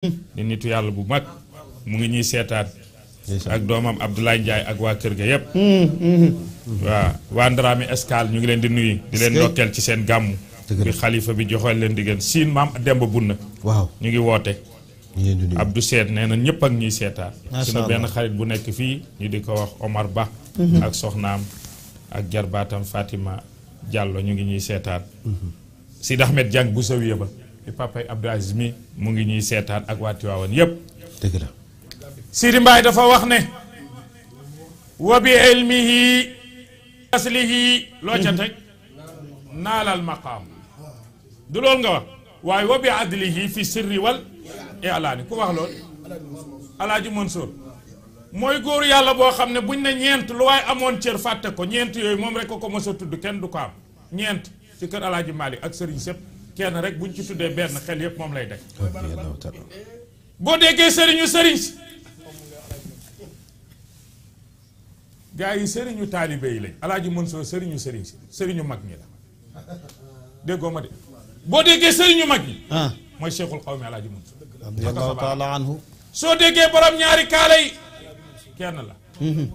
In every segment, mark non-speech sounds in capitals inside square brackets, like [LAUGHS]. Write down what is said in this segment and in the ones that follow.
ni nitu yalla bu mag mu ngi ñi sétat ak domam Abdoulaye ndjay ak wa kër ga yépp hmm, hmm, hmm. wa wa ndrami escal ñu ngi leen di nuyu di leen dokkel ci seen gàmmu bi khalifa bi joxal leen diggéen siin mam Demba Bunna waaw ñu ngi woté Abdou sét nee ñepp ak ñi sétat suñu ben xarit bu nekk fi ñu di ko wax Omar Ba mhm. ak soxnam ak jarbatam Fatima Diallo ñu ngi ñi sétat mhm. Sidi Ahmed bu sawiya di papay Abdou Aziz mi mu ngi ñuy seetaan ak waa Tiwaawan yépp dëgg la Sidi Mbaye dafa wax ne wa bi ilmihi aslihi loo ca teg naalal maqaam du loolu nga wax waaye wa bi adlihi fi sirri wal ilaani ku wax lool alaaji Mansour mooy góoru yàlla boo xam ne buñ ne ñeent lu waaye amoon cër fàtte ko ñeent yooyu moom rek ko ko mos a tudd kenn du ko am ñeent ci kër alaaji Malick ak sëriñ sépp kenn rek buñ ci tuddee benn xel yëpp moom lay daj boo déggee sëriñu sëriñ si gaa yi sëriñu taalibe yi lañ alaaji Mansour sëriñu sëriñ si sëriñu mag ñi la déggoo ma de boo déggee sëriñu mag ñi ah. mooy cheikhul xaw mi alaaji Mansour soo déggee borom ñaari kaala yi kenn la mhm.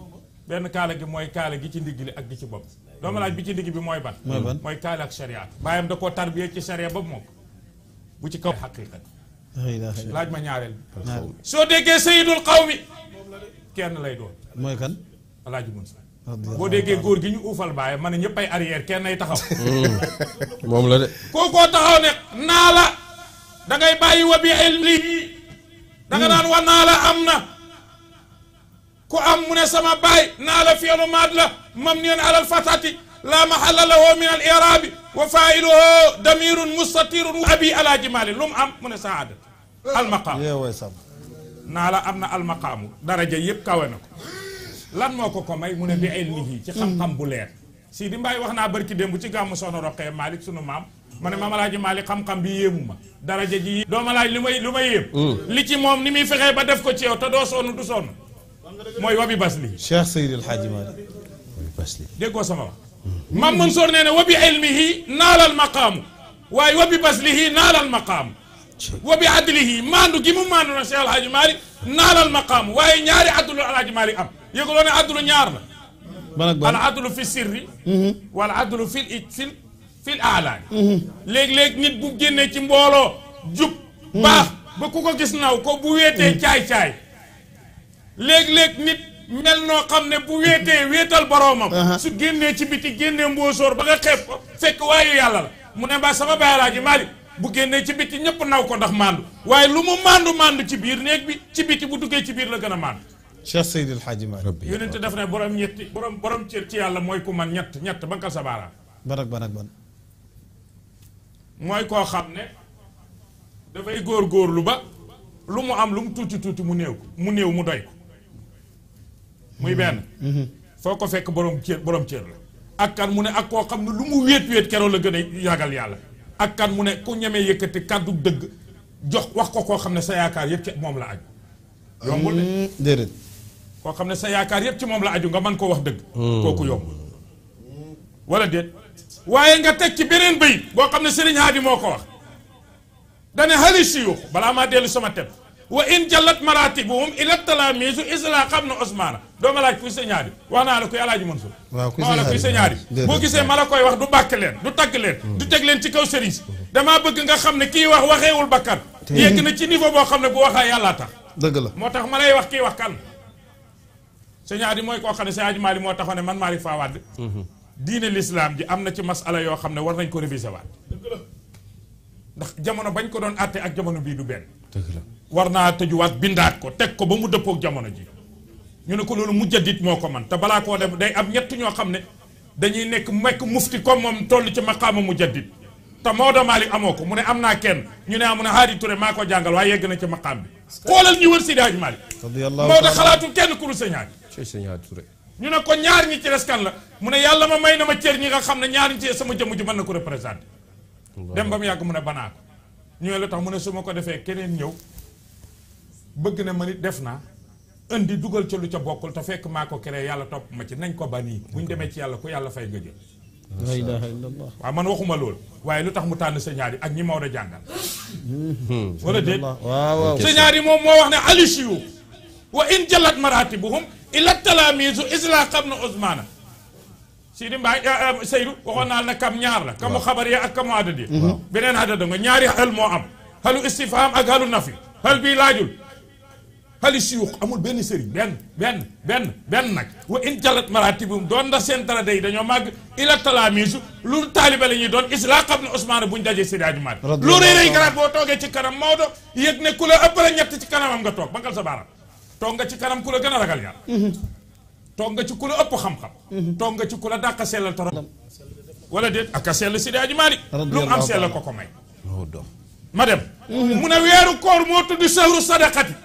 benn kaala gi mooy kaala gi ci ndigg li ak gi ci bopp doomu laaj bi ci digg bi mooy ban. mooy ban mooy kaala ak shariat. bàyyam da koo tarbiyee ci sharia ba moom bu ci kaw xaqiqa laaj ma ñaareel. soo déggee sayidul qawmi kenn lay mooy kan. alaaji Moussa. boo déggee góor gi ñu uufal bàyyi ma ne ñëpp ay arrière kenn ay taxaw. [LAUGHS] Mm. moom la de. kookoo taxaw ne naa la da ngay bàyyi wa bi ilmi da nga mm. naa la am na ku am mu ne sama baay naa la fiyalu maat la. مبني على الفتحة لا محل له من الإرهاب وفاعله دمير مستطير أبي على جماله لم أم من سعادة المقام نالا أمنا المقام درجة يبقى وينك لن موكو كمي من بعلمه تخم خم بولير سيدي مباي وخنا بركي دمو تيغا مسونا رقية مالك سنو مام من مام الله جمالي خم خم بيهمو درجة جي دوم الله لمي لمي يب لكي موم نمي فغي بدف كتير تدو سونو دو سونو موي وبي بسلي شيخ سيدي الحاجي مالك basli déggoo sama wax mam Mansour nee na wa bi ilmihi naalal maqaamu waaye wa bi baslihi naalal maqaamu wa bi adlihi maandu gi mu maandu na Cheikh Alhaji Malick naalal maqaamu waaye ñaari adlu Alhaji Malick am yëguloo ne adlu ñaar la al adlu fi sirri wal adlu fi fi fil aalaani léeg-léeg nit bu génnee ci mbooloo jub baax ba ku ko gis naw ko bu weetee caay-caay léeg-léeg nit mel noo xam ne bu wéetee wéetal boroomam. su génnee ci biti génnee mbóosóor ba nga xeeb ko fekk waaye yàlla la mu ne mbaa sama baay Alaaji Maalik bu génnee ci biti ñëpp naw ko ndax màndu waaye lu mu màndu màndu ci biir néeg bi ci biti bu duggee ci biir la gën a màndu. Cheikh Seydi El Hadji Maalik. yonent daf ne borom ñetti borom borom cër ci yàlla mooy ku man ñett ñett ba nga sa baaraam. ban mooy koo xam ne dafay góorgóorlu ba lu mu am lu mu tuuti tuuti mu néew mu néew mu doy muy benn. foo ko fekk boroom cër boroom cër la. ak kan mu ne ak koo xam ne lu mu wéet wéet keroo la gën a yàggal yàlla. ak kan mu ne ku ñemee yëkkati kàddu dëgg jox wax ko koo xam ne sa yaakaar yëpp ci moom la aju. yombul de mm, déedéet. koo xam ne sa yaakaar yëpp ci moom la aju nga man koo wax dëgg. Mm. kooku yombul. wala déet waaye nga teg ci beneen bëy boo xam ne sëriñ Hadi moo ko wax. dane hali siyuux balaa maa dellu sama teb waa in jallat maratibuhum ila talaamisu isla xam na osmaana doo ma laaj kuy sa ñaari wax naa la kuy alaaji Mansour ma la kuy sa ñaari boo gisee ma la koy wax du bàkk leen du tagg leen du teg leen ci kaw sëriñ damaa bëgg nga xam ne kii wax waxeewul bakkan yegg na ci niveau boo xam ne bu waxaa yàllaa tax dëgg la moo tax ma lay wax kii wax kan sa ñaari mooy koo xam ne sa aji Maalik moo taxoon ne man Maalik Faa Wàdd mhm. diine l'islam ji am na ci masala yoo xam ne war nañ ko réviser waat ndax jamono bañ ko doon àtte ak jamono bii du benn dëgg war naa tëjuwaat bindaat ko teg ko ba mu dëppook jamono ji ñu ne ko loolu mujjadit moo ko man te balaa koo def day am ñett ñoo xam ne dañuy nekk mekk mufti comme moom toll ci maqaama mujjadit te moo Malick amoo ko mu ne am naa kenn ñu ne ah mu ne Haadi Touré maa ko jàngal waaye yegg na ci maqaam bi xoolal ñu wër Seydi Hadji Malick Maodo xalaatul kenn ku dul Seydi Hadji ne ko ñaar ñi ci des kan la mu ne yàlla ma may na ma cër ñi nga xam ne ñaar ñi ci sama jëmm ji na ko représenté dem ba mu yàgg mu ne banaa ko ñu ne la tax mu ne su ma ko defee keneen ñëw bëgg na ma nit def naa indi dugal ca lu ca bokkul te fekk maa ko créé yàlla topp ma ci nañ ko bani bu ñu demee ci yàlla ku yàlla fay gëjë la ilaha illallah waaw man waxuma loolu waaye lu tax mu tànn sa ñaari ak ñi Maodo jàngal hmm. wala déet waaw sa moom moo wax ne alisiyu wa in jalat maratibuhum ila talamisu isla xam na ousmana si di mbaay eh, eh, Seydou waxoon naa na kam ñaar la kamu xabar ya ak kamu adad ya hmm. beneen adada nga ñaari xel moo am xalu istifham ak xalu nafi xel bii laajul xali siyux amul benn sëriñ benn benn benn benn nag wa in jarat maratibum doon ndax seen dara day dañoo màgg ila talaamisu lu taaliba la ñuy doon is xam ne Ousmane buñ dajee Seydi Hadji Malick lu rëy rëy garaat boo toogee ci kanam Maodo yëg ne ku la ëppale ñett ci kanamam nga toog bangal sa baaraam toog nga ci kanam ku la gën a ragal yàlla mhm. toog nga ci ku la ëpp xam-xam mhm. toog nga ci ku la dàq sellal toro wala den ak a sell Seydi Hadji Malick lu mu am sell ko ko may ma dem mhm. mu ne weeru koor moo tudd sahru sadaqati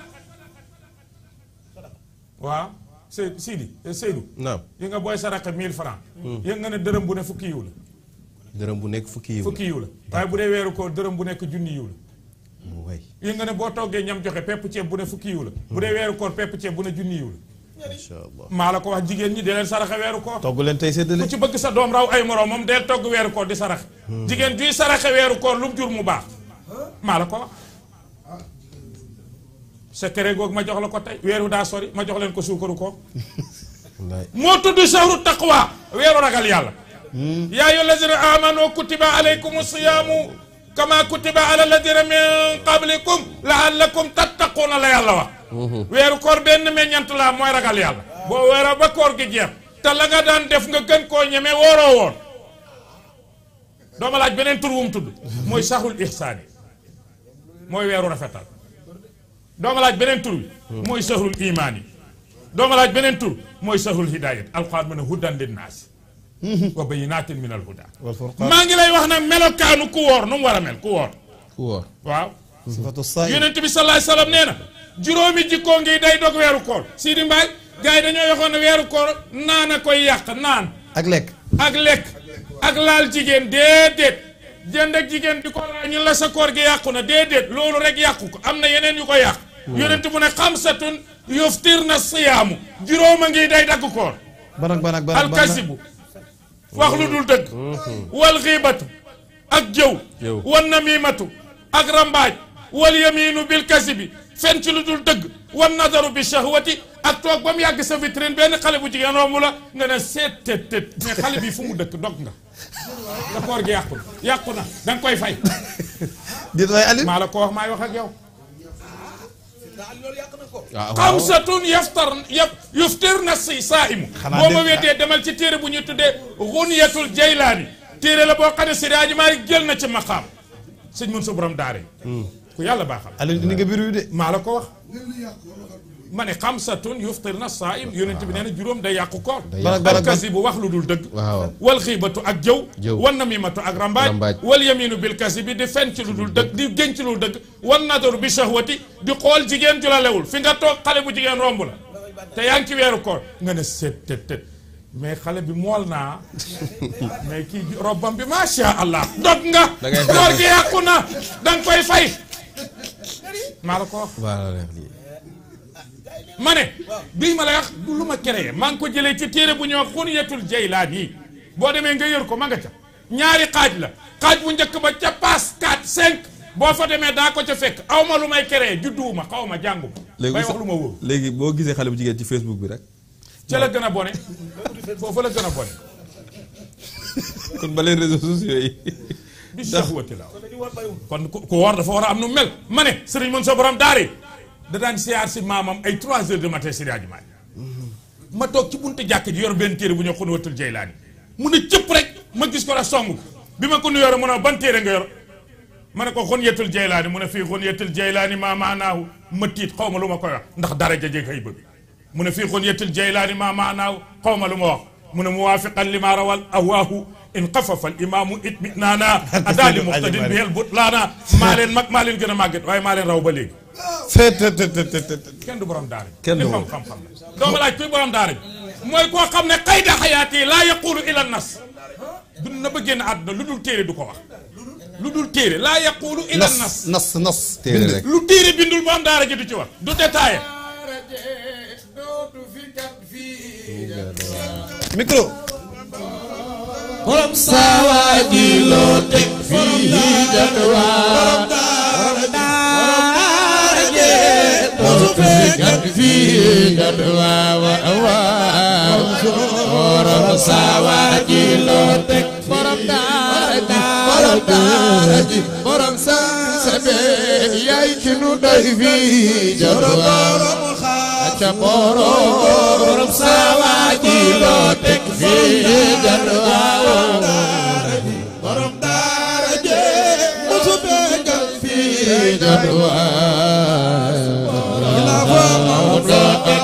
waaw Seydou Sidi eh, Seydou. naam yéen não, booy saraxe 1000 francs hmm. yéen nga ne dërëm bu ne fukki yiw la. dërëm bu nekk fukki yiw la fukki yiw la waaye bu dee weeru koor dërëm bu nekk junni yiw la. Hmm, waay yéen nga ne boo toggee ñam joxe pepp ceeb bu ne fukki yiw la. bu dee hmm. weeru koor pepp ceeb bu ne junni yiw la. incha allah maa la ko wax jigéen ñi di leen saraxe weeru koor. togg leen tey séddale. ku ci bëgg sa doom raw ay moroom moom deel togg weeru koor di saraxe. jigéen juy saraxe weeru koor lu jur mu baax maa ko wax sa tere googu ma jox la ko tey weeru daa sori ma jox leen ko suukaru ko moo tudd sahru taqwa weeru ragal yàlla hmm? yaa ayyuha allazina amanu kutiba alaykum siyaamu kama kutiba ala allazina min qablikum laallakum tattaquuna la yàlla wax hmm. weeru koor benn meññant laa mooy ragal yàlla boo weera ba koor gi jeex te la nga daan def nga gën koo ñeme wooroo woon dooma laaj beneen tur tudd mooy saxul ihsaani mooy weeru rafetal dooma laaj beneen tur bi mooy sahrul imaan yi dooma laaj beneen tur mooy sahrul hidayat alquran mu ne hudan linnaasi wa bayinatin min al huda maa ngi lay wax na nag melokaanu ku woor nu mu war a mel ku woor ku woor waaw yonent bi sallallahu alayhi wasallam nee na juróomi jikkoo ngi day dog weeru koor Sidi Mbaye gars yi dañoo waxoon ne weeru koor naan a koy yàq naan ak lekk ak lekk ak laal jigéen déedéet jënd ak jigéen di ko laa ñu la sa koor gi yàqu na déedéet loolu rek yàqu ko am na yeneen yu يونت مون خمسه يفطرن الصيام جيروما غي داي داك كور بانك الكذب واخلو دول والغيبه اك والنميمه اك رمباج واليمين بالكذب فنت لو والنظر بالشهوه اك توك بام فيترين بن خالي بو جيغان رومولا نانا سيت تيت تيت مي خالي دك دوك نغا لا كور جي ياكو ياكو نا علي مالا كو واخ ماي واخ Ah, xamsatun yaftar yuftir na si saahimu boo ma weetee demal ci téere bu ñu tuddee xuniyatul jaylaani téere la boo xam ne Seydi Hadji Malick jël na ci maqaam sëñ mën sa borom daare hmm. ku yàlla baaxal alal dina nga biru de maa la ko wax ma ne xamsatun yuftirna saim yonent bi nee na juróom day yàqu koor alkasi bu wax lu dul dëgg wal xiibatu ak jëw wan namimatu ak rambaaj wal yaminu bil kasi bi di fen ci lu dul dëgg di gën ci lu dul dëgg wan nadaru bi shahwati di xool jigéen ju la lewul fi nga toog xale bu jigéen romb la te yaa ngi ci weeru koor nga ne seet tët tët mais xale bi mool naa [LAUGHS] mais kii robbam bi macha allah dog nga koor gi yàqu na danga koy fay maa la ko wax mane ne bii ma la wax lu ma créé maa ngi ko jëlee ci téere bu ñuy wax laa jaylaani boo demee nga yor ko ma nga ca ñaari xaaj la xaaj bu njëkk ba ca paas 4 5 boo fa demee daa ko ca fekk aw ma lu may créé judduwuma xaw ma jàngu bay wax lu ma léegi boo gisee xale bu jigéen ci Facebook bi rek ca la gën a bone foofu la gën a bone kon ba leen réseaux sociaux yi bi kon ku woor dafa war a am nu mel ma ne sëriñ mën soo borom daari da daan siyaar si maamam ay 3 heures de matin si rajo ma toog ci buntu jàkk ji yor benn téere bu ñu xun watul Jaylaani mu ne cëpp rek ma gis ko la song bi ma ko nuyoor mu ne ban téere nga yor ma ne ko xun yetul Jaylaani mu ne fii xun yetul Jaylaani maa maanaahu ma tiit xaw ma lu ma koy wax ndax dara jajee kay bëgg mu ne fii xun yetul Jaylaani maa maanaahu xaw ma lu ma wax mu ne muwaafiqan li ma rawal awaahu in qafafa al imaamu itminaana adaali muqtadin bihel butlaana maa leen mag maa leen gën a màgget waaye maa leen raw ba léegi kenn du borom xam ne xayda xayaati laa lu dul téere du ko wax lu dul téere laa yaqulu ila nas nas nas téere rek lu téere bindul borom daara ji du ci wax du détaillé micro borom saawaay ji loo teg fii jatwaa فكر فيك الهوى ورم سواجي لوتك ورم دارتك ورم دارتك ورم سبي يكنو دايفي جرم جبورو ورم سواجي لوتك في جرم ورم دارتك مصبك في جرم مولاك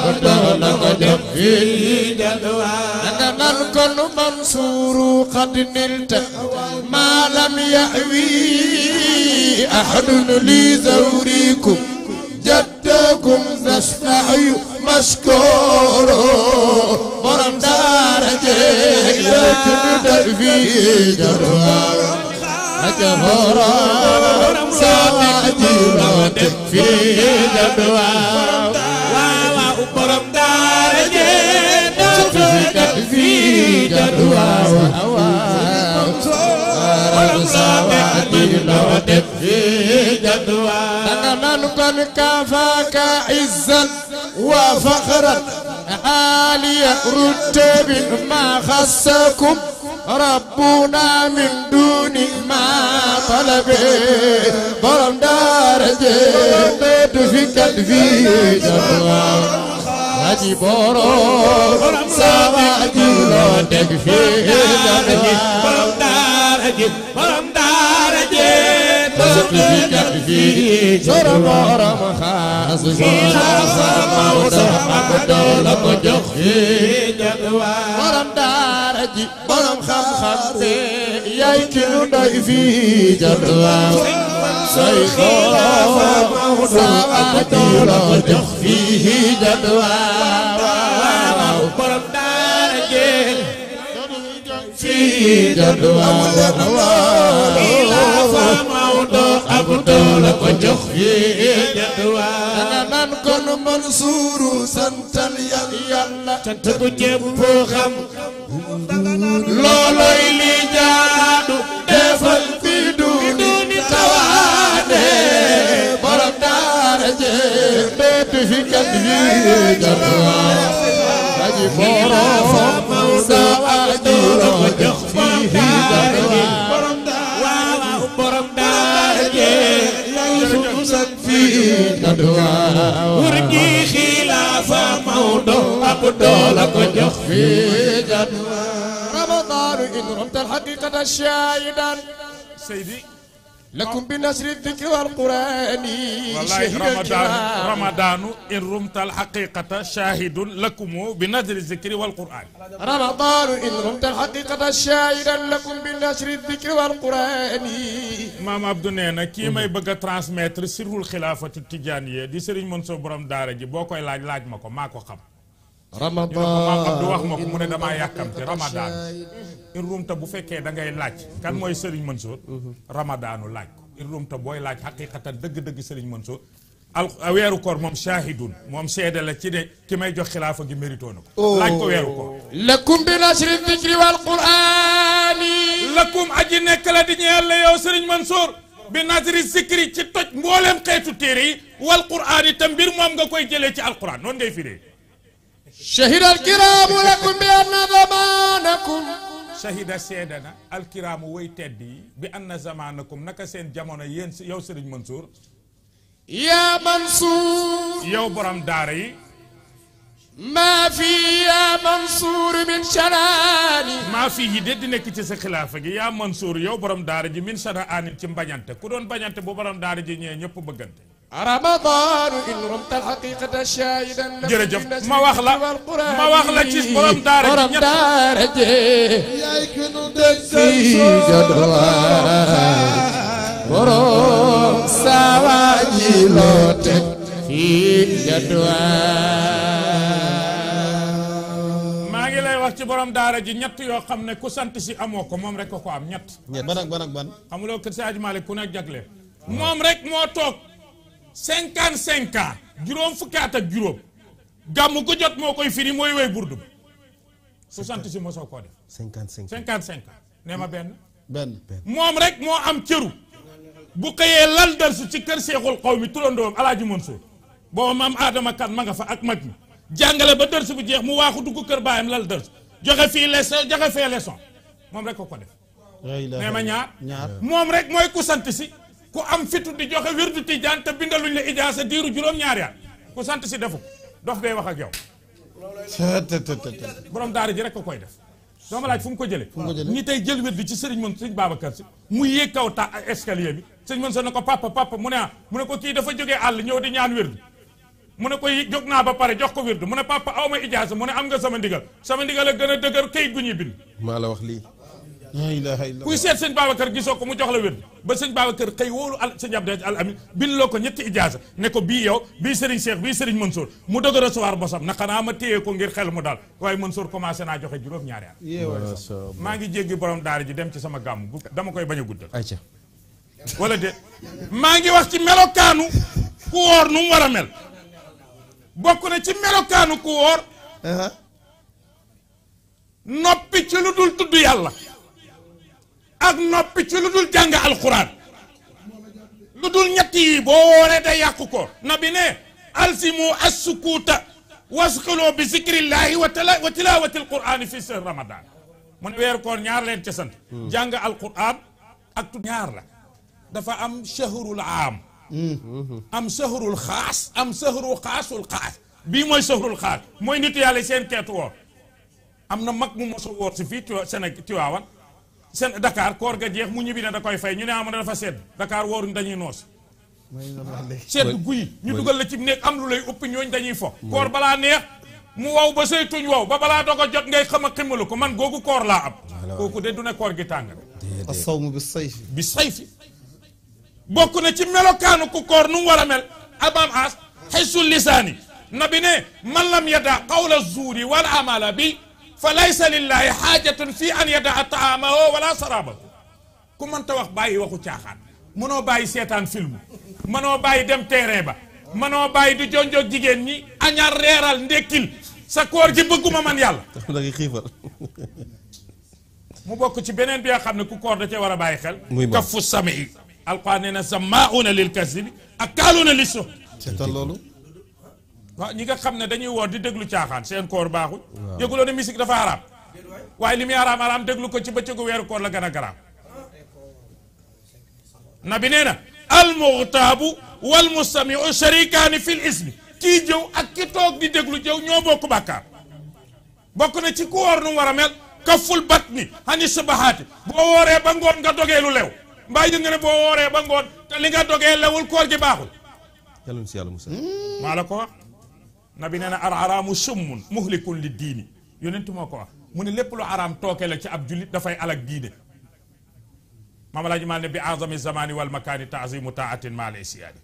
نلقى المنصور قد نلت ما لم يأوي أحد لي زوريكم جدكم نستعي مشكور برم دار جيلة في جدواك أجهرا سواء جيراتك في الأدوار وأقرب دار جيراتك في جدوار سواء جيراتك في جدوار أنا نلقى كافاك عزا وفخرا عالية رتب ما خصكم ربنا من دون ما طلب برم درجة بيت في قلبي جرام هاجي بورو سوا جيلو دك في جرام برم درجة برم درجة سقفي كفي شرم ورم خاص صلى وسلم دولة جخي جدوى ورم دارجي ورم خم خمسي يأكل ضيفي جدوى شيخو سلام دولة جخفيه جدوى ورم دارجي في جدوى ورم دارجي abdou la ko jox yéewa ana nan kon Mansour santal yàlla cant bu jépp xam looloy li jaadu defal fi duuni tawaane borom daara je déetu fi kat yi jàppa aji borom Mansour abdou la ko jox fi jàppa wurgi xilaafa mawdo ab doola ko jox fi jadwa ramadaan in ramta alxaqiqata shaayidan seydi لكم بنشر الذكر والقرآن والله رمضان رمضان إن رمت الحقيقة شاهد لكم بنشر الذكر والقرآن رمضان إن رمت الحقيقة شاهدا لكم بنشر الذكر والقرآن مام عبد نينا كي ماي بغا ترانسميتر سر الخلافة التجانية دي سيرن منصور برام دارجي بوكاي لاج لاج ماكو ماكو خم ramadan du mu ne damaa yàkkamte ramadan in rumta bu fekkee da ngay laaj kan mooy sëriñ Mansour ramadaanu laaj ko in rumta booy laaj xaqiqatan dëgg-dëgg sëriñ Mansour al weeru koor moom shahidun moom seede la ci ne ki may jox xilaafa gi mérito na ko oh. laaj ko weeru koor lakum bi nasri dikri wal qurani lakum aji nekk la di ñeel la yow sëriñ Mansour bi nasri zikri ci toj mboolem xeetu téere yi wal qurani te mbir moom nga koy jëlee ci alquran noonu ngay firee شهد الكرام لكم بأن زمانكم شهد سيدنا الكرام وي تدي بأن زمانكم نكا سين جامونا يين يو سيرج منصور يا منصور يو برام داري ما في يا منصور من شناني ما فيه دد نك تي خلافه يا منصور يو برام داري من شناني تي مباñante ku don bañante bu borom daara ji ñe ñepp bëggante jërëjëf ma wax la ma wax la ci borom daara ji ñett ngi lay wax ci borom daara ji ñett yoo xam ne ku sant si amoo ko moom rek ko ko am ñett. ban ak ban ak ban. xamuloo kër si Aji ku nekk jagle. moom rek moo cinquante cinq ans juróom fukki at ak juróom gàmmu ko jot moo koy firi mooy woy burdu soixante si mosoo koo def cinquante cinq cinquante cinq nee ma benn benn moom rek moo am cëru bu xëyee lal dal su ci kër seexul xaw mi turandoom alaaji Mansour booba maam aadama kan ma nga fa ak mag mi jàngale ba dërsu bu jeex mu waaxu dugg kër baayam lal dërsu joxe fii leçon joxe fee leçon moom rek ko ko def nee ma ñaar moom rek mooy ku sant si ku am fitu di joxe wirdu tijaan te bindaluñ la ijaasa diiru juróom-ñaari at ku sant si defu dof day wax ak yow. borom daara ji rek ko koy def. dooma laaj fu mu ko jëlee. fu mu ko jëlee tey jël wirdu ci sëriñ Mën sëriñ Babacar si mu yéeg kaw ta escalier bi sëriñ Mën sa ne ko papa papa mu ne ah mu ne ko kii dafa jóge àll ñëw di ñaan wirdu mu ne ko jóg naa ba pare jox ko wirdu mu ne papa aw ma ijaasa mu ne am nga sama ndigal sama ndigal a gën a dëgër kayit gu ñuy bind. maa la wax lii. kuy seet sëñ Babacar gisoo ko mu jox la wér ba sëñ Babacar xëy wóolu al sëñ Abdou al amin bin loo ko ñetti ijaasa ne ko bii yow bii Serigne Cheikh bii Serigne Mansour mu dog a recevoir bosam na xanaa ma téye ko ngir xel mu daal waaye Mansour commencé naa joxe juróom-ñaari maa ngi jéggi borom daara ji dem ci sama gàmm dama koy bañ a guddal wala de maa ngi wax ci melokaanu ku woor nu mu war a mel bokk na ci melokaanu ku woor noppi ci lu dul tudd yàlla ak noppi ci lu dul jàng alxuraan lu dul ñett yi boo wooree da yàqu ko na bi ne alsimu assukuuta wasxiloo bi zicrillahi wa wa tilawati alqurani fi seen ramadan mu ne weer koor ñaar leen ca sant jàng alquran ak tu ñaar la dafa am shahrul aam am shahrul xaas am shahru xaasul xaas bii mooy shahrul xaas mooy nitu yàlla seen keetu woor am na mag mu mosul woor si fii Tiwaawan sen Dakar koor ga jeex mu ñibi ne da koy fay ñu ne amoon dafa sedd Dakar woru dañuy noos sedd guyi ñu duggal la ci néeg am lu lay upp ñooñ dañuy fo koor bala neex mu waw ba sey tuñ waw ba bala dogo jot ngay xama a ko man gogu koor la am koku de du ne koor gi tàng asawmu bi sayfi bi sayfi bokku na ci melokaanu ku koor nu wara mel abam as xaysu lisani nabine man lam yada qawla zuri wal amala bi فليس لله حاجة في أن يدع طعامه ولا شرابه كم أنت وخ باي وخو تياخان منو باي سيتان فيلم منو باي دم تيريبا منو باي دي جونجو جيجين ني أنيا ريرال نديكيل سا كور جي بغو ما يال داغي خيفر مو بوكو سي بنين بيو خامني كو كور دا تي ورا باي خيل كف السمعي القانون سماعون للكذب اكالون للسو سيتان waaw ñi nga xam ne dañuy woor di déglu caaxaan seen koor baaxul yëguloo ne musique dafa araam waaye li muy araam araam ko ci bëccëgu weeru koor la gën a garaam nabi nee na al wal mustamiu sharikaani fil ismi kii jëw ak ki toog di déglu jëw ñoo bokk bàkkaar bokk na ci ku woor nu war a mel kaful bat hani sabahaati boo wooree ba ngoon nga dogee lu lew mbaa yëg ne boo wooree ba ngoon te li nga dogee lewul koor gi baaxul nabi nee na al araamu summun muhlikun li diini yonent moo ko wax mu ne lépp lu araam tooke la ci ab jullit dafay alak diine maam alaaji maal ne bi azami zamani wal makaani taazimu taatin maal isiyaani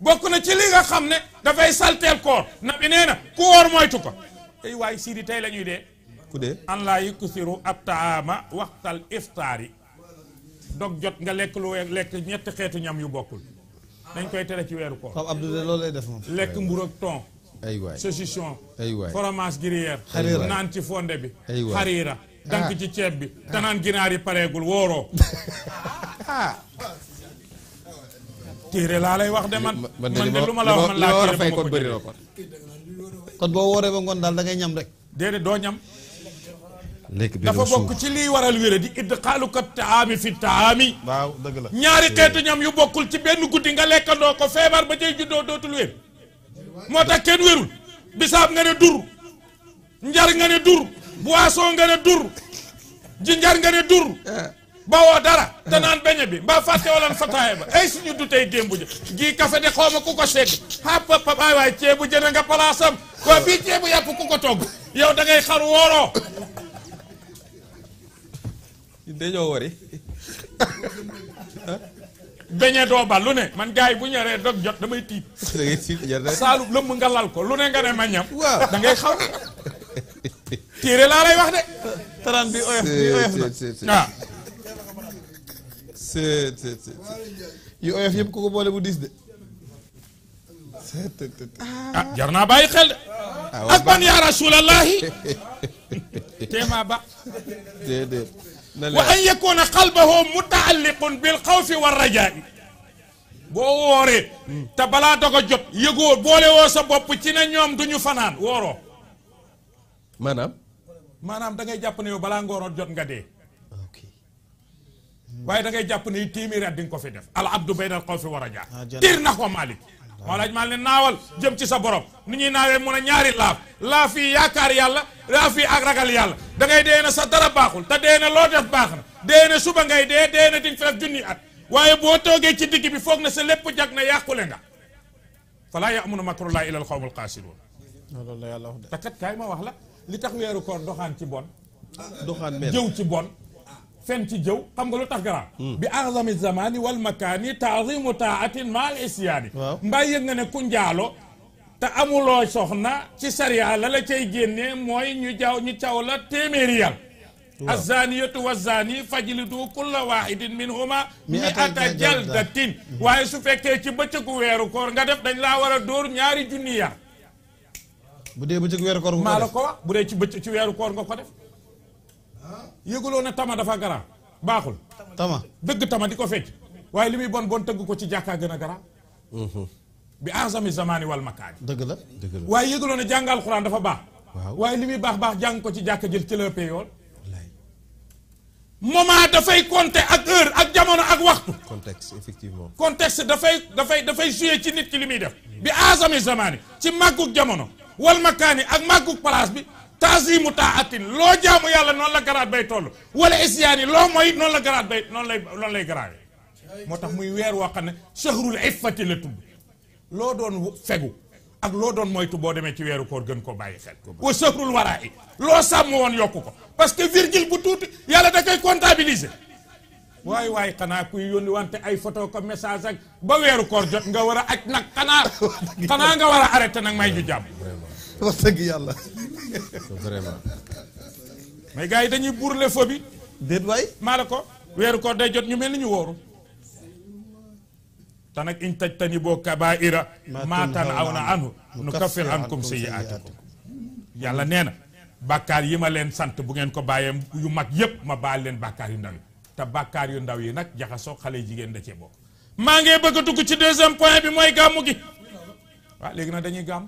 bokk na ci li nga xam ne dafay salteel koor nabi nee na ku woor moytu ko tey waaye siidi tey la ñuy dee ku dee an laa yuksiru ab taama waxtal iftaari dog jot nga lekk lu lekk ñetti xeetu ñam yu bokkul dañ koy tere ci weeru koor Pape Abdou de loolu lay def moom lekk mburu ak ton ay waay saucisson ay waay fromage gruyère naan ci fonde bi xariira ah. dank ci ceeb bi ah. te naan ginaar yi pareegul wóoroo [LAUGHS] ah. téere laa lay wax de man mën de lu ma la wax man laa téere fay kon bëri na kon boo wooree ba ngoon daal da ñam rek déedéet doo ñam dafa bokk ci liy waral wéré di idd xaaluka taami fi taami ñaari xeetu ñam yu bokkul ci benn guddi nga lekkandoo ko feebar ba jëy juddoo dootul wér moo ken werul bisab nga ne dur njar nga ne dur boisson nga ne dur jinjar nga ne dur bawo dara te naan beñe bi ba faté wala fataaya ba ay suñu du tey ji gi gii café de xawma ku ko pa xappa way ci bu jëna nga palaasam waa ku ko togg yow da ngay xar wori [LAUGHS] beñe do ba lu ne man gars bu ñoree dog jot damay tiit salu lëmm nga lal ko lu ne nga ne ma ñam da ngay xaw tiré la lay wax de taraan bi oyof bi oyof na waaw seet seet seet yu oyof yëpp ko ko bolé bu diis de ah jar xel ak ban ya ba déedéet wa an yakuna qalbahu mutaalliqun bi xawfi wa rajaa boo wooree te balaa dogo jot yëgoo boole woo sa bopp ci ne ñoom duñu fanaan wooroo maanaam maanaam da jàpp ne yow balaa ngooroon jot nga dee waaye da ngay jàpp ni téeméeri at di nga ko fi def al abdu bayna al xawfi wa rajaa tiir nax wa maalik moolaaj maa leen naawal jëm ci sa borom ni ñuy naawee mun a ñaari laaf laaf yi yaakaar yàlla laaf yi ak ragal yàlla da ngay dee na sa dara baaxul te dee na loo def baax na dee na suba ngay dee dee na di nga fi def junni at waaye boo toogee ci digg bi foog na sa lépp jag na yàqule nga falaa ya'munu makrullaahi illal qawmul xaasiruun te kat kaay ma wax la li tax weeru koor doxaan ci bon ah, doxaan jëw ci bon fen ci jëw xam nga lu tax garaaw hmm. bi azami zamani wal makaani taazimu taatin maal isyaani mbaa yëg nga ne ku njaalo te amuloo soxna ci sariya la la cay génnee mooy ñu jaw ñu caw la téeméeri yàlla azaniyatu wazani fajlidu kulla wahidin minhuma mi'ata jaldatin waaye su fekkee ci bëccëgu weeru koor nga def dañ laa war a dóor ñaari junni yar bu dee bëccëgu la ko bu ci bëccëg ci weeru koor nga ko def yëguloo na tama dafa gara baaxul. tama dëgg tama di ko fecc waaye li muy bon bon tëgg ko ci jàkkaa gën a gara. Mhm. bi azami zamani wal makaani. dëgg la dëgg la waaye yëguloo na jàng alxuraan dafa baax. waaye li muy baax baax jàng ko ci jàkka jël ci la ëppee yoon. moment dafay compter ak heure ak jamono ak waxtu. contexte effectivement. contexte dafay dafay dafay joué ci nit ki li muy def. bi azami zamani ci màggug jamono wal makaani ak màggug place bi. taasimu taatin loo jaamu yàlla noonu la garaat bay toll wala isyaani loo mooy noon la garaat bay noonu lay noonu lay garaat moo tax muy weer woo xam ne sahrul iffati la tudd loo doon fegu ak loo doon moytu boo demee ci weeru koor gën ko bàyyi xel wa sahrul waraa i loo sàmm woon yokku ko parce que virgule bu tuuti yàlla da koy comptabiliser waay waay xanaa kuy yónni wante ay photo ko message ak ba weeru koor jot nga war a aj nag xanaa [LAUGHS] xanaa nga war a arrêté nag may ñu jàmm yàlla vraiment. mais gars yi dañuy burle fo bi. déet waay maa la ko. weeru koor day jot ñu mel ni ñu wóoru. te nag in tajtaniboo kabaa'ira maa tanhawna anhu nukaffir ankum sayyi'aatikum yàlla nee na. bàkkaar yi ma leen sant bu ngeen ko bàyyee yu mag yépp ma baal leen bàkkaar yu ndaw yi te bàkkaar yu ndaw yi nag jaxasoo xale jigéen da cee bokk. maa ngi bëgg a ci deuxième point bi mooy gàmmu gi waaw léegi nag dañuy gàmm